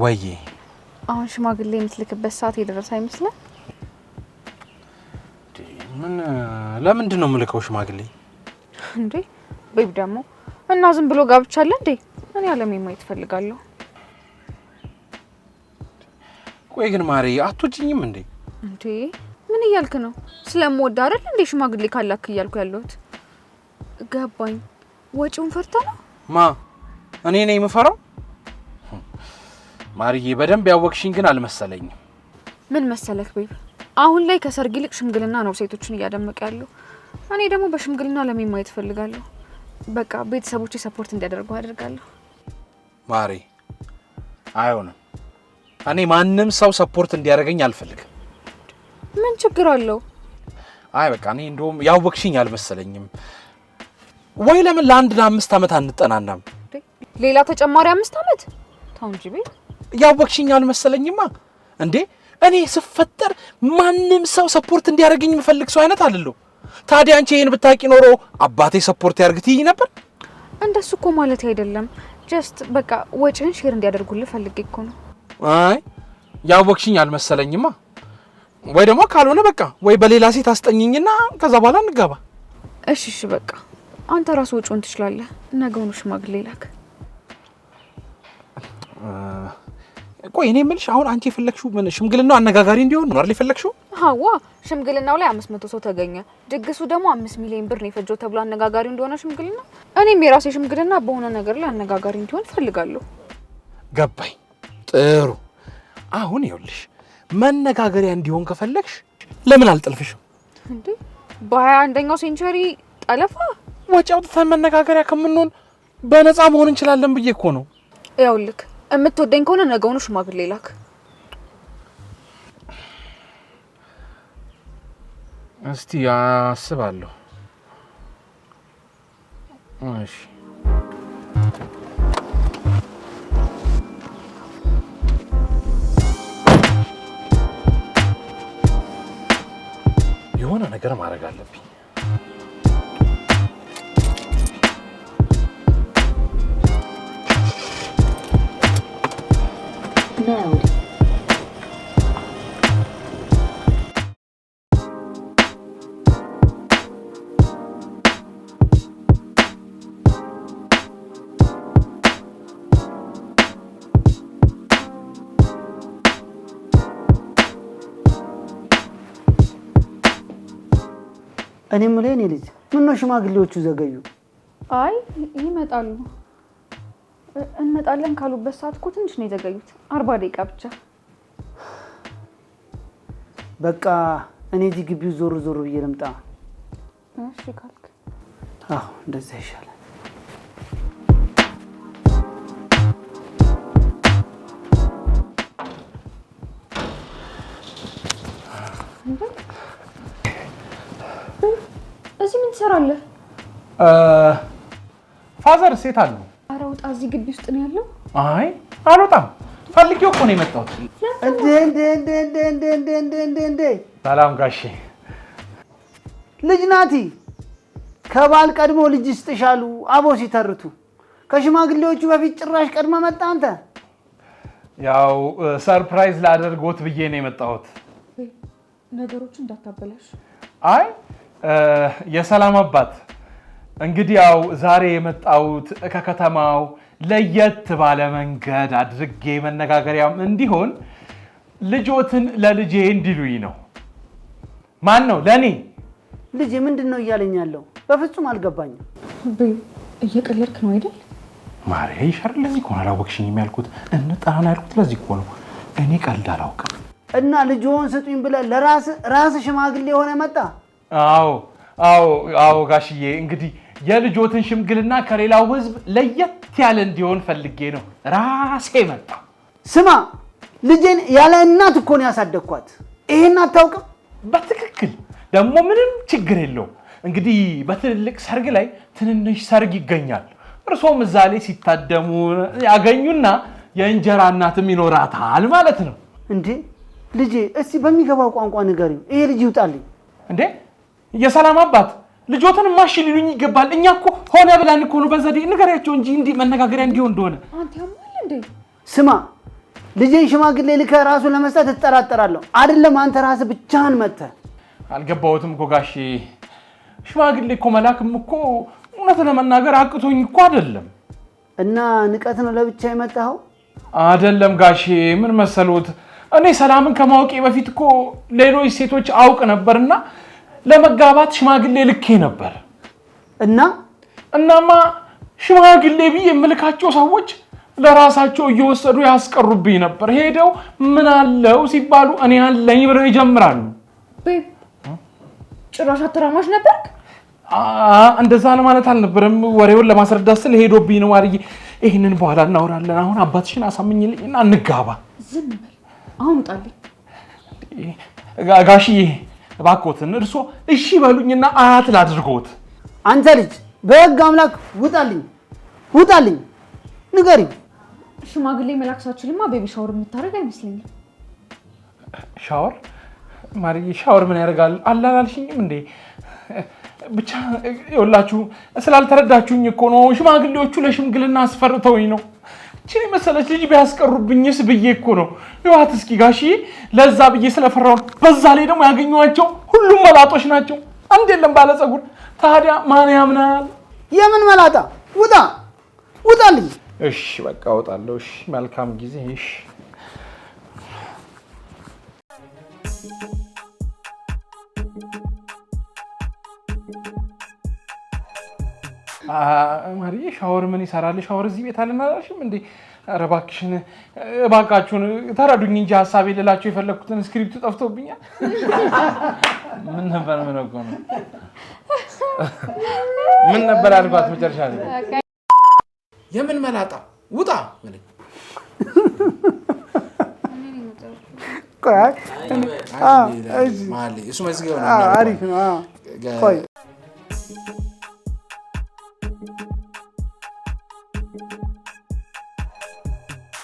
ወይዬ አሁን ሽማግሌ የምትልክበት ሰዓት የደረሰ አይመስልም? ምን ለምንድን ነው የምልከው ሽማግሌ? እንዴ ቤብ ደግሞ እና ዝም ብሎ ጋብቻ አለ እንዴ? እኔ አለሜን ማየት እፈልጋለሁ። ቆይ ግን ማሬ አትወጂኝም እንዴ? እንዴ ምን እያልክ ነው? ስለምወድ አይደል እንዴ ሽማግሌ ካላክ እያልኩ ያለሁት። ገባኝ። ወጪውን ፈርታ ነው ማ? እኔ ነኝ የምፈራው? ማርዬ በደንብ ያወቅሽኝ ግን አልመሰለኝም። ምን መሰለክ ቤብ፣ አሁን ላይ ከሰርግ ይልቅ ሽምግልና ነው ሴቶችን እያደመቀ ያለው። እኔ ደግሞ በሽምግልና ለምን ማየት እፈልጋለሁ። በቃ ቤተሰቦች ሰፖርት እንዲያደርጉ አደርጋለሁ። ማሪ፣ አይሆንም። እኔ ማንም ሰው ሰፖርት እንዲያደርገኝ አልፈልግም። ምን ችግር አለው? አይ በቃ እኔ እንደውም ያወቅሽኝ አልመሰለኝም። ወይ ለምን ለአንድ ለአምስት ዓመት አንጠናናም? ሌላ ተጨማሪ አምስት ዓመት ተው እንጂ ቤት ያወቅሽኝ አልመሰለኝማ እንዴ እኔ ስፈጠር ማንም ሰው ሰፖርት እንዲያደርግኝ የምፈልግ ሰው አይነት አይደለሁ። ታዲያ አንቺ ይህን ብታቂ ኖሮ አባቴ ሰፖርት ያደርግ ትይኝ ነበር። እንደሱ እኮ ማለት አይደለም። ጀስት በቃ ወጪህን ሼር እንዲያደርጉልህ ፈልጌ እኮ ነው። አይ ያወቅሽኝ አልመሰለኝማ። ወይ ደግሞ ካልሆነ በቃ ወይ በሌላ ሴት አስጠኝኝና ከዛ በኋላ እንጋባ። እሺ እሺ፣ በቃ አንተ ራሱ ወጪውን ትችላለህ። ነገውኑ ሽማግሌ ላክ። ቆይ እኔ የምልሽ አሁን አንቺ የፈለግሽው ምን ሽምግልናው አነጋጋሪ እንዲሆን ነው አይደል የፈለግሽው? አዋ ሽምግልናው ላይ አምስት መቶ ሰው ተገኘ፣ ድግሱ ደግሞ አምስት ሚሊዮን ብር ነው የፈጀው ተብሎ አነጋጋሪ እንደሆነ ሽምግልና እኔም የራሴ ሽምግልና በሆነ ነገር ላይ አነጋጋሪ እንዲሆን እፈልጋለሁ። ገባኝ። ጥሩ አሁን ይኸውልሽ መነጋገሪያ እንዲሆን ከፈለግሽ ለምን አልጠልፍሽም? እንዴ በሀያ አንደኛው ሴንቸሪ ጠለፋ ወጪ አውጥተን መነጋገሪያ ከምንሆን በነፃ መሆን እንችላለን ብዬ እኮ ነው። ያውልክ የምትወደኝ ከሆነ ነገውኑ ሽማግሌ ላክ። እስቲ አስባለሁ። እሺ የሆነ ነገር ማድረግ አለብኝ። እኔ ላይ እኔ ልጅ ምነው ሽማግሌዎቹ ዘገዩ? አይ ይመጣሉ እንመጣለን ካሉበት ሰዓት እኮ ትንሽ ነው የዘገዩት፣ አርባ ደቂቃ ብቻ። በቃ እኔ እዚህ ግቢው ዞር ዞር ብዬ ልምጣ። እሺ ካልክ። አዎ እንደዛ ይሻላል። ምን ትሰራለህ? ፋዘር ሴት አሉ። ኧረ ውጣ! እዚህ ግቢ ውስጥ ነው ያለው። አይ አልወጣም፣ ፈልጌው እኮ ነው የመጣሁት። ሰላም ጋሼ። ልጅ ናቲ ከባል ቀድሞ ልጅ ይስጥሻሉ አቦ ሲተርቱ ከሽማግሌዎቹ በፊት ጭራሽ ቀድመ መጣ። አንተ ያው ሰርፕራይዝ ላደርጎት ብዬ ነው የመጣሁት። ነገሮቹ እንዳታበላሽ። አይ የሰላም አባት እንግዲህ ያው ዛሬ የመጣሁት ከከተማው ለየት ባለ መንገድ አድርጌ መነጋገሪያም እንዲሆን ልጆትን ለልጄ እንዲሉኝ ነው። ማን ነው ለእኔ ልጄ ምንድን ነው እያለኝ ያለው? በፍጹም አልገባኝም። እየቀለድክ ነው አይደል? ማሪ ይሻር። ለዚህ ከሆነ አላወቅሽኝም ያልኩት እንጠራን ያልኩት ለዚህ እኮ ነው። እኔ ቀልድ አላውቅም። እና ልጅሆን ስጡኝ ብለህ ለራስ ራስ ሽማግሌ የሆነ መጣ አዎ አዎ አዎ ጋሽዬ እንግዲህ የልጆትን ሽምግልና ከሌላው ህዝብ ለየት ያለ እንዲሆን ፈልጌ ነው ራሴ መጣ። ስማ ልጄን ያለ እናት እኮ ነው ያሳደግኳት። ይሄን አታውቅም? በትክክል ደግሞ ምንም ችግር የለውም። እንግዲህ በትልልቅ ሰርግ ላይ ትንንሽ ሰርግ ይገኛል። እርሶም እዛ ላይ ሲታደሙ ያገኙና የእንጀራ እናትም ይኖራታል ማለት ነው። እንዴ ልጄ፣ እስቲ በሚገባው ቋንቋ ንገሪኝ። ይሄ ልጅ ይውጣልኝ እንዴ የሰላም አባት ልጆትን ማሽ ሊሉኝ ይገባል። እኛ እኮ ሆነ ብላን እኮ ነው በዘዴ ንገሪያቸው እንጂ እንዲህ መነጋገሪያ እንዲሆን እንደሆነ። ስማ ልጄን ሽማግሌ ልከህ ራሱ ለመስጠት እጠራጠራለሁ። አይደለም አንተ ራስህ ብቻህን መጥተህ። አልገባሁትም እኮ ጋሼ። ሽማግሌ እኮ መላክም እኮ እውነት ለመናገር አቅቶኝ እኮ አይደለም። እና ንቀት ነው ለብቻ የመጣኸው? አይደለም ጋሼ፣ ምን መሰሉት እኔ ሰላምን ከማወቄ በፊት እኮ ሌሎች ሴቶች አውቅ ነበርና ለመጋባት ሽማግሌ ልኬ ነበር እና እናማ ሽማግሌ ብዬ የምልካቸው ሰዎች ለራሳቸው እየወሰዱ ያስቀሩብኝ ነበር። ሄደው ምን አለው ሲባሉ እኔ ያለኝ ብለው ይጀምራሉ። ጭራሽ አተራማሽ ነበርክ? እንደዛ ለማለት አልነበረም። ወሬውን ለማስረዳት ስል ሄዶብኝ ነው። አርዬ ይህንን በኋላ እናወራለን። አሁን አባትሽን አሳምኝልኝና እንጋባ። ዝም በል አሁን ጣልኝ ጋሽዬ ባኮትን እርሶ እሺ በሉኝና አያት ላድርጎት። አንተ ልጅ በህግ አምላክ ውጣልኝ፣ ውጣልኝ፣ ንገሪ ሽማግሌ መላክሳችሁልማ ቤቢ ሻወር የምታደርግ አይመስለኝም። ሻወር ማርዬ፣ ሻወር ምን ያደርጋል አላላልሽኝም እንዴ? ብቻ ይኸውላችሁ ስላልተረዳችሁኝ እኮ ነው። ሽማግሌዎቹ ለሽምግልና አስፈርተውኝ ነው ቺ መሰለች ልጅ ቢያስቀሩብኝስ ብዬ እኮ ነው። ይዋት እስኪ ጋሽዬ፣ ለዛ ብዬ ስለፈራው። በዛ ላይ ደግሞ ያገኘኋቸው ሁሉም መላጦች ናቸው፣ አንድ የለም ባለጸጉር። ታዲያ ማን ያምናል? የምን መላጣ? ውጣ ውጣልኝ። እሺ በቃ እወጣለሁ። እሺ መልካም ጊዜ። እሺ ማርዬ ሻወር ምን ይሰራል? ሻወር እዚህ ቤት አልናላሽም እንዴ? ኧረ እባክሽን እባካችሁን ተረዱኝ እንጂ ሀሳብ የሌላቸው የፈለግኩትን ስክሪፕቱ ጠፍቶብኛል። ምን ነበር ምን እኮ ነው ምን ነበር አልኳት። መጨረሻ የምን መላጣ ውጣ እሱ መዝገብ ነው